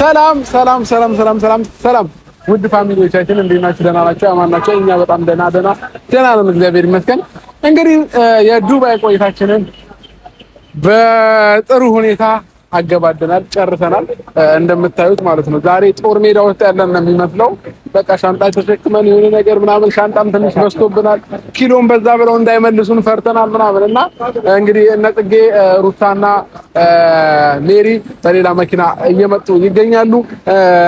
ሰላም ሰላም ሰላም ሰላም ሰላም ሰላም ውድ ፋሚሊዎቻችን እንዴት ናችሁ? ደህና ናችሁ? አማን ናቸው እኛ በጣም ደህና ደህና ደህና ነን፣ እግዚአብሔር ይመስገን። እንግዲህ የዱባይ ቆይታችንን በጥሩ ሁኔታ አገባደናል፣ ጨርሰናል። እንደምታዩት ማለት ነው ዛሬ ጦር ሜዳ ውስጥ ያለን ነው የሚመስለው። በቃ ሻንጣ ተሸክመን የሆነ ነገር ምናምን ሻንጣም ትንሽ በዝቶብናል። ኪሎን በዛ ብለው እንዳይመልሱን ፈርተናል ምናምን እና እንግዲህ እነ ጽጌ ሩታና ሜሪ በሌላ መኪና እየመጡ ይገኛሉ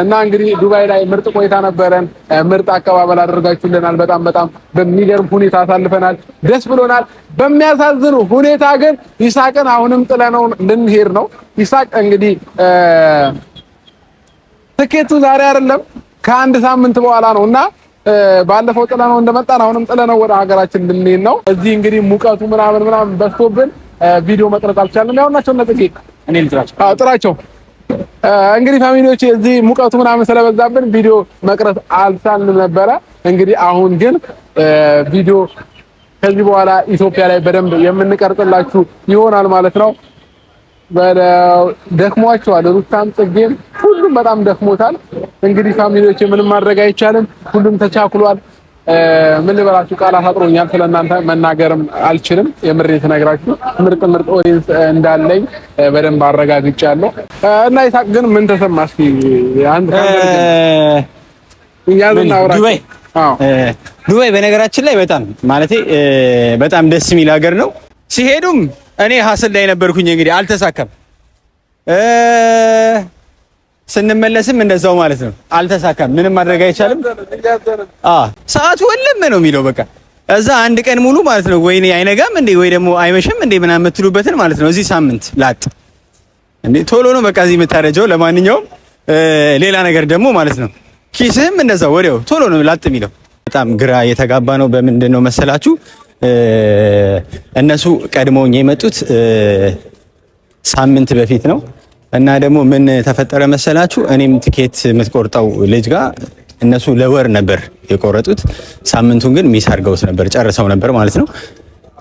እና እንግዲህ ዱባይ ላይ ምርጥ ቆይታ ነበረን። ምርጥ አቀባበል አድርጋችሁልናል። በጣም በጣም በሚገርም ሁኔታ አሳልፈናል። ደስ ብሎናል። በሚያሳዝኑ ሁኔታ ግን ይስሐቅን አሁንም ጥለነው ልንሄድ ነው። ይስሐቅ እንግዲህ ትኬቱ ዛሬ አይደለም ከአንድ ሳምንት በኋላ ነው እና ባለፈው ጥለነው እንደመጣን አሁንም ጥለነው ወደ ሀገራችን ልንሄድ ነው። እዚህ እንግዲህ ሙቀቱ ምናምን ምናምን በዝቶብን ቪዲዮ መቅረጽ አልቻለም። ያው ናቸው ነጥቂ እኔ ጥራቸው እንግዲህ ፋሚሊዎች እዚህ ሙቀቱ ምናምን ስለበዛብን ቪዲዮ መቅረጽ አልቻልንም ነበረ። እንግዲህ አሁን ግን ቪዲዮ ከዚህ በኋላ ኢትዮጵያ ላይ በደንብ የምንቀርጥላችሁ ይሆናል ማለት ነው። ደክሟቸዋል። ሩታም ጽጌም ሁሉም በጣም ደክሞታል። እንግዲህ ፋሚሊዎች ምንም ማድረግ አይቻልም። ሁሉም ተቻኩሏል። ምን ልበላችሁ፣ ቃላት አጥሮኛል። ስለናንተ መናገርም አልችልም። የምሬን ነግራችሁ ምርጥ ምርጥ ኦዲንስ እንዳለኝ በደንብ አረጋግጫለሁ። እና ይሳቅ ግን ምን ተሰማ እስኪ አንድ አውራ ዱባይ በነገራችን ላይ በጣም ማለት በጣም ደስ የሚል ሀገር ነው። ሲሄዱም እኔ ሀስል ላይ ነበርኩኝ። እንግዲህ አልተሳካም፣ ስንመለስም እንደዛው ማለት ነው። አልተሳካም፣ ምንም ማድረግ አይቻልም። ሰዓቱ ወለም ነው የሚለው በቃ እዛ አንድ ቀን ሙሉ ማለት ነው። ወይኔ አይነጋም እንዴ ወይ ደግሞ አይመሽም እንዴ ምናምን የምትሉበትን ማለት ነው። እዚህ ሳምንት ላጥ እንዴ ቶሎ ነው በቃ እዚህ የምታረጀው። ለማንኛውም ሌላ ነገር ደግሞ ማለት ነው ኪስህም እንደዛ ወዲያው ቶሎ ነው ላጥ የሚለው። በጣም ግራ የተጋባ ነው። በምንድን ነው መሰላችሁ እነሱ ቀድሞኝ የመጡት ሳምንት በፊት ነው እና ደግሞ ምን ተፈጠረ መሰላችሁ እኔም ትኬት የምትቆርጠው ልጅ ጋር እነሱ ለወር ነበር የቆረጡት። ሳምንቱን ግን ሚስ አድርገውት ነበር፣ ጨርሰው ነበር ማለት ነው።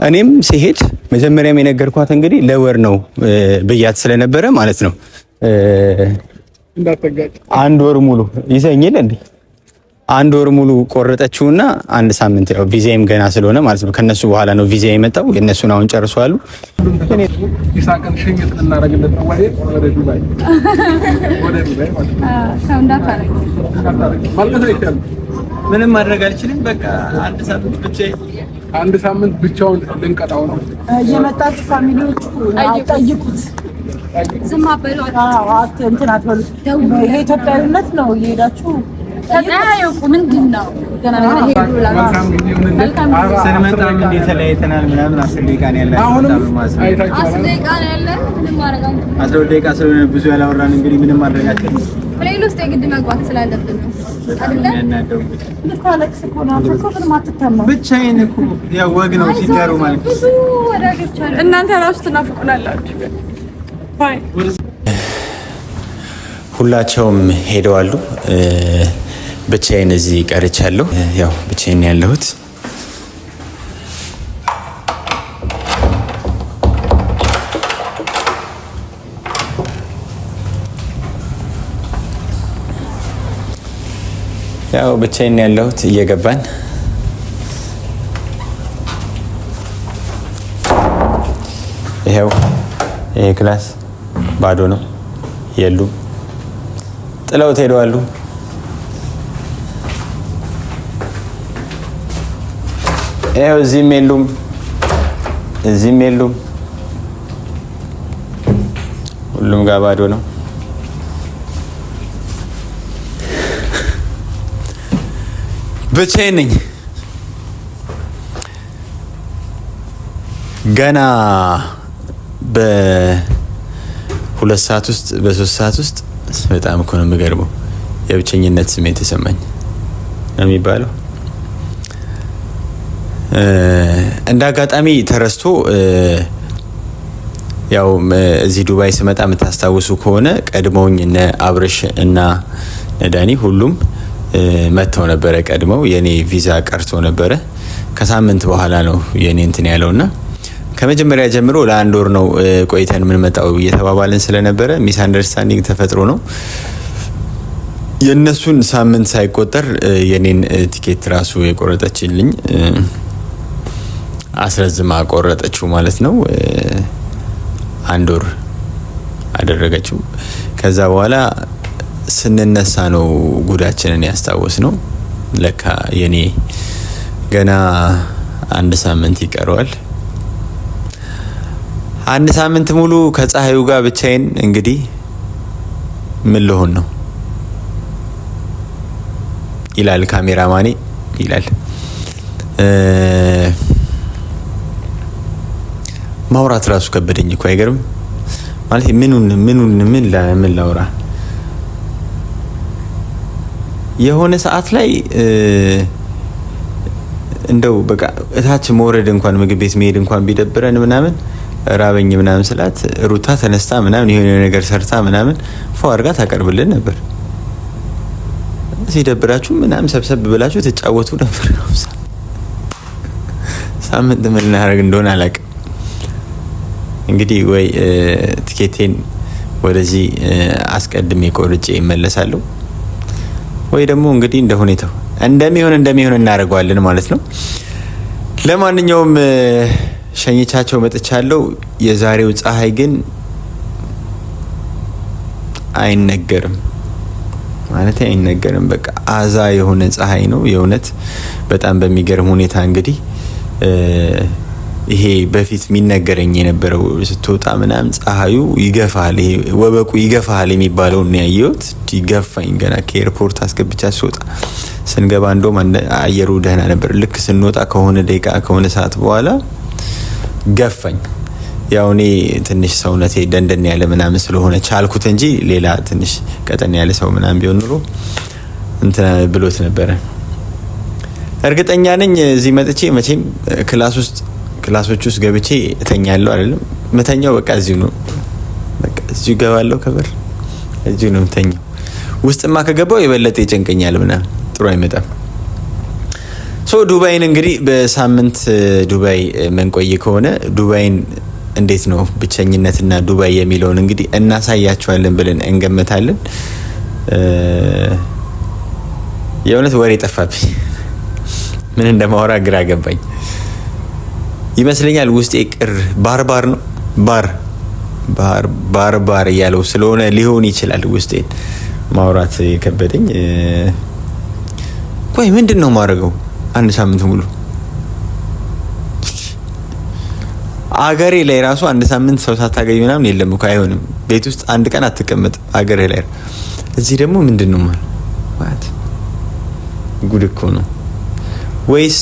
እኔም ሲሄድ መጀመሪያም የነገርኳት እንግዲህ ለወር ነው ብያት ስለነበረ ማለት ነው አንድ ወር ሙሉ ይዘኝል እንዴ? አንድ ወር ሙሉ ቆረጠችውና አንድ ሳምንት ያው ቪዛም ገና ስለሆነ ማለት ነው። ከነሱ በኋላ ነው ቪዛ የመጣው። የነሱን አሁን ጨርሷሉ። ምንም ማድረግ አልችልም። በቃ አንድ ሳምንት ብቻ አንድ ሳምንት ብቻውን ልንቀጣው ነው። የመጣች ፋሚሊዎች ጠይቁት ዝም አበሉ እንትን አትበሉ። ይሄ ኢትዮጵያዊነት ነው። እየሄዳችሁ ተጠያየቁ። ምንድን ነው ስንመጣ እንዴት ተለያይተናል ምናምን አስር ደቂቃ ነው ደቂቃ ስለሆነ ብዙ ያላወራን እንግዲህ ምንም ብቻዬን እኮ ያው ወግ ነው ሲጋሩ ማለት ነው። እናንተ ራሱ ትናፍቁናላችሁ ሁላቸውም ሄደዋሉ። ብቻዬን እዚህ ቀርቻለሁ። ያው ብቻዬን ያለሁት ያው ብቻዬን ያለሁት እየገባን ይኸው ይሄ ክላስ ባዶ ነው፣ የሉም፣ ጥለውት ሄደዋሉ። ይኸው እዚህም የሉም፣ እዚህም የሉም፣ ሁሉም ጋር ባዶ ነው። ብቻዬን ነኝ። ገና ሁለት ሰዓት ውስጥ በሶስት ሰዓት ውስጥ በጣም እኮ ነው የምገርመው። የብቸኝነት ስሜት ተሰማኝ ነው የሚባለው። እንደ አጋጣሚ ተረስቶ ያው እዚህ ዱባይ ስመጣ የምታስታውሱ ከሆነ ቀድሞውኝ እነ አብርሽ እና ነዳኒ ሁሉም መጥተው ነበረ። ቀድመው የኔ ቪዛ ቀርቶ ነበረ። ከሳምንት በኋላ ነው የኔ እንትን ያለውና ከመጀመሪያ ጀምሮ ለአንድ ወር ነው ቆይተን የምንመጣው እየተባባልን ስለነበረ ሚስ አንደርስታንዲንግ ተፈጥሮ ነው። የእነሱን ሳምንት ሳይቆጠር የኔን ቲኬት ራሱ የቆረጠችልኝ አስረዝማ ቆረጠችው ማለት ነው። አንድ ወር አደረገችው። ከዛ በኋላ ስንነሳ ነው ጉዳችንን ያስታወስ ነው። ለካ የኔ ገና አንድ ሳምንት ይቀረዋል። አንድ ሳምንት ሙሉ ከፀሐዩ ጋር ብቻዬን እንግዲህ ምን ልሆን ነው ይላል ካሜራ ማኔ ይላል። ማውራት ራሱ ከበደኝ እኮ አይገርም። ማለት ምኑን ምኑን ምን ምን ላውራ የሆነ ሰዓት ላይ እንደው በቃ እታች መውረድ እንኳን ምግብ ቤት መሄድ እንኳን ቢደብረን ምናምን ራበኝ ምናምን ስላት ሩታ ተነስታ ምናምን የሆነ ነገር ሰርታ ምናምን ፎ አድርጋ ታቀርብልን ነበር። ሲደብራችሁ ምናምን ሰብሰብ ብላችሁ ትጫወቱ ነበር። ሳምንት ምን ልናደርግ እንደሆነ አላውቅም። እንግዲህ ወይ ትኬቴን ወደዚህ አስቀድሜ ቆርጬ ይመለሳለሁ ወይ ደግሞ እንግዲህ እንደ ሁኔታው እንደሚሆን እንደሚሆን እናደርገዋለን ማለት ነው። ለማንኛውም ሸኝቻቸው መጥቻለሁ። የዛሬው ፀሐይ ግን አይነገርም ማለት አይነገርም። በቃ አዛ የሆነ ፀሐይ ነው የእውነት በጣም በሚገርም ሁኔታ እንግዲህ ይሄ በፊት የሚነገረኝ የነበረው ስትወጣ ምናምን ፀሐዩ ይገፋል፣ ይሄ ወበቁ ይገፋል የሚባለው ነው ያየሁት። ይገፋኝ ገና ከኤርፖርት አስገብቻ ስወጣ። ስንገባ እንደውም አየሩ ደህና ነበር። ልክ ስንወጣ ከሆነ ደቂቃ ከሆነ ሰዓት በኋላ ገፈኝ። ያው እኔ ትንሽ ሰውነቴ ደንደን ያለ ምናምን ስለሆነ ቻልኩት እንጂ ሌላ ትንሽ ቀጠን ያለ ሰው ምናምን ቢሆን ኑሮ እንትን ብሎት ነበረ። እርግጠኛ ነኝ እዚህ መጥቼ መቼም ክላስ ውስጥ ክላሶች ውስጥ ገብቼ እተኛለሁ። አይደለም መተኛው በቃ እዚሁ ነው። በቃ እዚሁ ገባለሁ፣ ከበር እዚሁ ነው ምተኛው። ውስጥማ ከገባው የበለጠ ይጨንቀኛል ምናምን ጥሩ አይመጣም። ሶ ዱባይን እንግዲህ በሳምንት ዱባይ መንቆይ ከሆነ ዱባይን እንዴት ነው ብቸኝነትና ዱባይ የሚለውን እንግዲህ እናሳያቸዋለን ብለን እንገምታለን። የእውነት ወሬ ጠፋብኝ፣ ምን እንደማወራ ግራ ገባኝ ይመስለኛል። ውስጤ ቅር ባርባር ነው ባር ባርባር እያለው ስለሆነ ሊሆን ይችላል ውስጤን ማውራት የከበደኝ። ቆይ ምንድን ነው ማድረገው? አንድ ሳምንት ሙሉ አገሬ ላይ ራሱ አንድ ሳምንት ሰው ሳታገኝ ምናምን የለም እኮ አይሆንም። ቤት ውስጥ አንድ ቀን አትቀመጥም አገሬ ላይ። እዚህ ደግሞ ምንድን ነው ማለት ጉድ እኮ ነው። ወይስ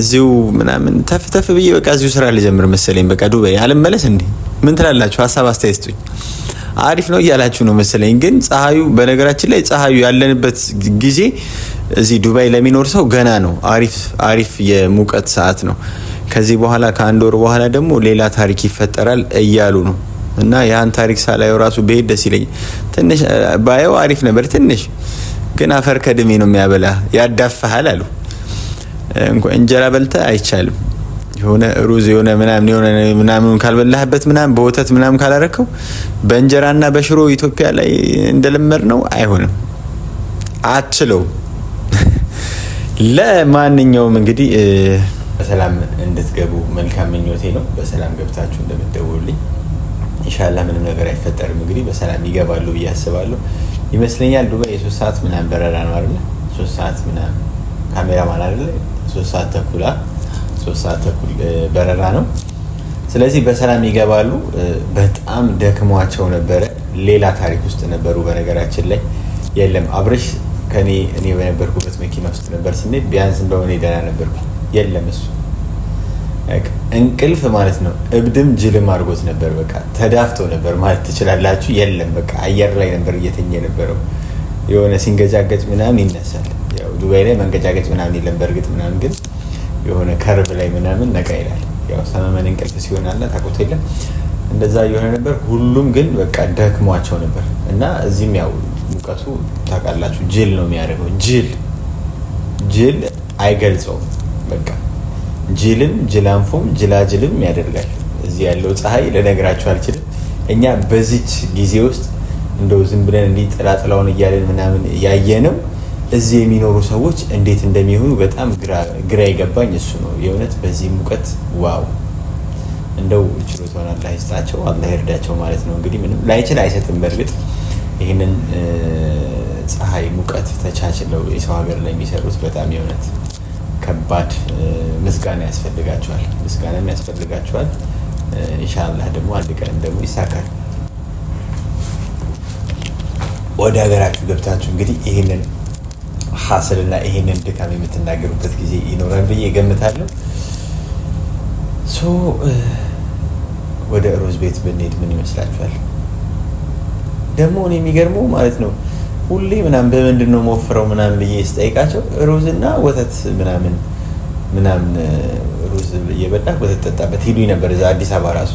እዚሁ ምናምን ተፍ ተፍ ብዬ በቃ እዚሁ ስራ ልጀምር መሰለኝ። በቃ አለም አልመለስ እንዴ? ምን ትላላችሁ? ሀሳብ አስተያየት ስጡኝ። አሪፍ ነው እያላችሁ ነው መሰለኝ። ግን ፀሐዩ፣ በነገራችን ላይ ፀሐዩ ያለንበት ጊዜ እዚህ ዱባይ ለሚኖር ሰው ገና ነው። አሪፍ አሪፍ የሙቀት ሰዓት ነው። ከዚህ በኋላ ከአንድ ወር በኋላ ደግሞ ሌላ ታሪክ ይፈጠራል እያሉ ነው እና ያን ታሪክ ሳላየው ራሱ ብሄድ ደስ ይለኝ። ትንሽ ባየው አሪፍ ነበር። ትንሽ ግን አፈር ከድሜ ነው የሚያበላ ያዳፋሃል አሉ። እንጀራ በልተ አይቻልም። የሆነ ሩዝ የሆነ ምናምን የሆነ ምናምን ካልበላህበት ምናምን በወተት ምናምን ካላረከው በእንጀራና በሽሮ ኢትዮጵያ ላይ እንደለመድ ነው አይሆንም፣ አትችለውም። ለማንኛውም እንግዲህ በሰላም እንድትገቡ መልካም ምኞቴ ነው። በሰላም ገብታችሁ እንደምትደውሉልኝ ኢንሻላህ ምንም ነገር አይፈጠርም። እንግዲህ በሰላም ይገባሉ ብዬ አስባለሁ። ይመስለኛል ዱባይ የሶስት ሰዓት ምናምን በረራ ነው አለ ሶስት ሰዓት ምናምን ካሜራማን አለ ሶስት ሰዓት ተኩላ ሶስት ሰዓት ተኩል በረራ ነው። ስለዚህ በሰላም ይገባሉ። በጣም ደክሟቸው ነበረ። ሌላ ታሪክ ውስጥ ነበሩ። በነገራችን ላይ የለም አብረሽ ከኔ እኔ በነበርኩበት መኪና ውስጥ ነበር ስንሄድ ቢያንስ እንደሆነ እኔ ደህና ነበርኩ። የለም እሱ እንቅልፍ ማለት ነው። እብድም ጅልም አድርጎት ነበር። በቃ ተዳፍቶ ነበር ማለት ትችላላችሁ። የለም በቃ አየር ላይ ነበር እየተኘ ነበረው። የሆነ ሲንገጫገጭ ምናምን ይነሳል። ያው ዱባይ ላይ መንገጫገጭ ምናምን የለም በእርግጥ ምናምን፣ ግን የሆነ ከርብ ላይ ምናምን ነቃ ይላል። ያው ሰመመን እንቅልፍ ሲሆን አለ ታቆት የለም እንደዛ የሆነ ነበር። ሁሉም ግን በቃ ደክሟቸው ነበር እና እዚህም ያው ሙቀቱ ታውቃላችሁ፣ ጅል ነው የሚያደርገው። ጅል ጅል አይገልጸውም። በቃ ጅልም ጅላንፎም ጅላጅልም ያደርጋል። እዚህ ያለው ፀሐይ ልነግራችሁ አልችልም። እኛ በዚች ጊዜ ውስጥ እንደው ዝም ብለን እንዲህ ጥላጥላውን እያለን ምናምን ያየነው እዚህ የሚኖሩ ሰዎች እንዴት እንደሚሆኑ በጣም ግራ የገባኝ እሱ ነው። የእውነት በዚህ ሙቀት ዋው! እንደው ችሎታውን አላህ ይስጣቸው፣ አላህ ይርዳቸው ማለት ነው። እንግዲህ ምንም ላይችል አይሰጥም በእርግጥ ይህንን ፀሐይ፣ ሙቀት ተቻችለው የሰው ሀገር ላይ የሚሰሩት በጣም የእውነት ከባድ ምስጋና ያስፈልጋቸዋል። ምስጋናም ያስፈልጋቸዋል። ኢንሻላህ ደግሞ አንድ ቀን ደግሞ ይሳካል። ወደ ሀገራችሁ ገብታችሁ እንግዲህ ይህንን ሀስልና ይህንን ድካም የምትናገሩበት ጊዜ ይኖራል ብዬ እገምታለሁ። ሶ ወደ ሮዝ ቤት ብንሄድ ምን ይመስላችኋል? ደግሞ እኔ የሚገርመው ማለት ነው ሁሌ ምናምን በምንድን ነው መወፍረው ምናምን ብዬ ስጠይቃቸው ሩዝና ወተት ምናምን ምናምን ሩዝ እየበላ ወተት ጠጣበት ይሉኝ ነበር። እዛ አዲስ አበባ ራሱ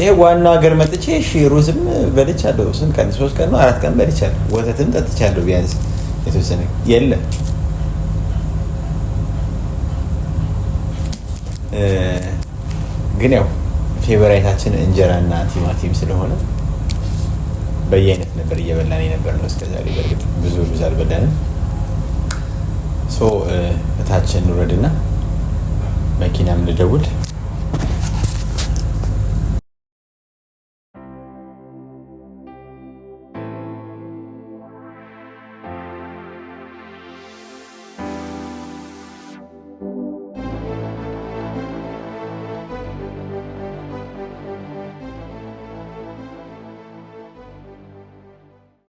ይሄ ዋናው ሀገር መጥቼ እሺ ሩዝም በልቻለሁ። ስንት ቀን? ሶስት ቀን ነው አራት ቀን በልቻለሁ። ወተትም ጠጥቻለሁ ቢያንስ የተወሰነ የለም። ግን ያው ፌቨራይታችን እንጀራና ቲማቲም ስለሆነ በየአይነት ነበር እየበላን የነበር ነው። እስከዛሬ በእርግጥ ብዙ ብዙ አልበላንም። ሶ እታችን ውረድና መኪናም ልደውል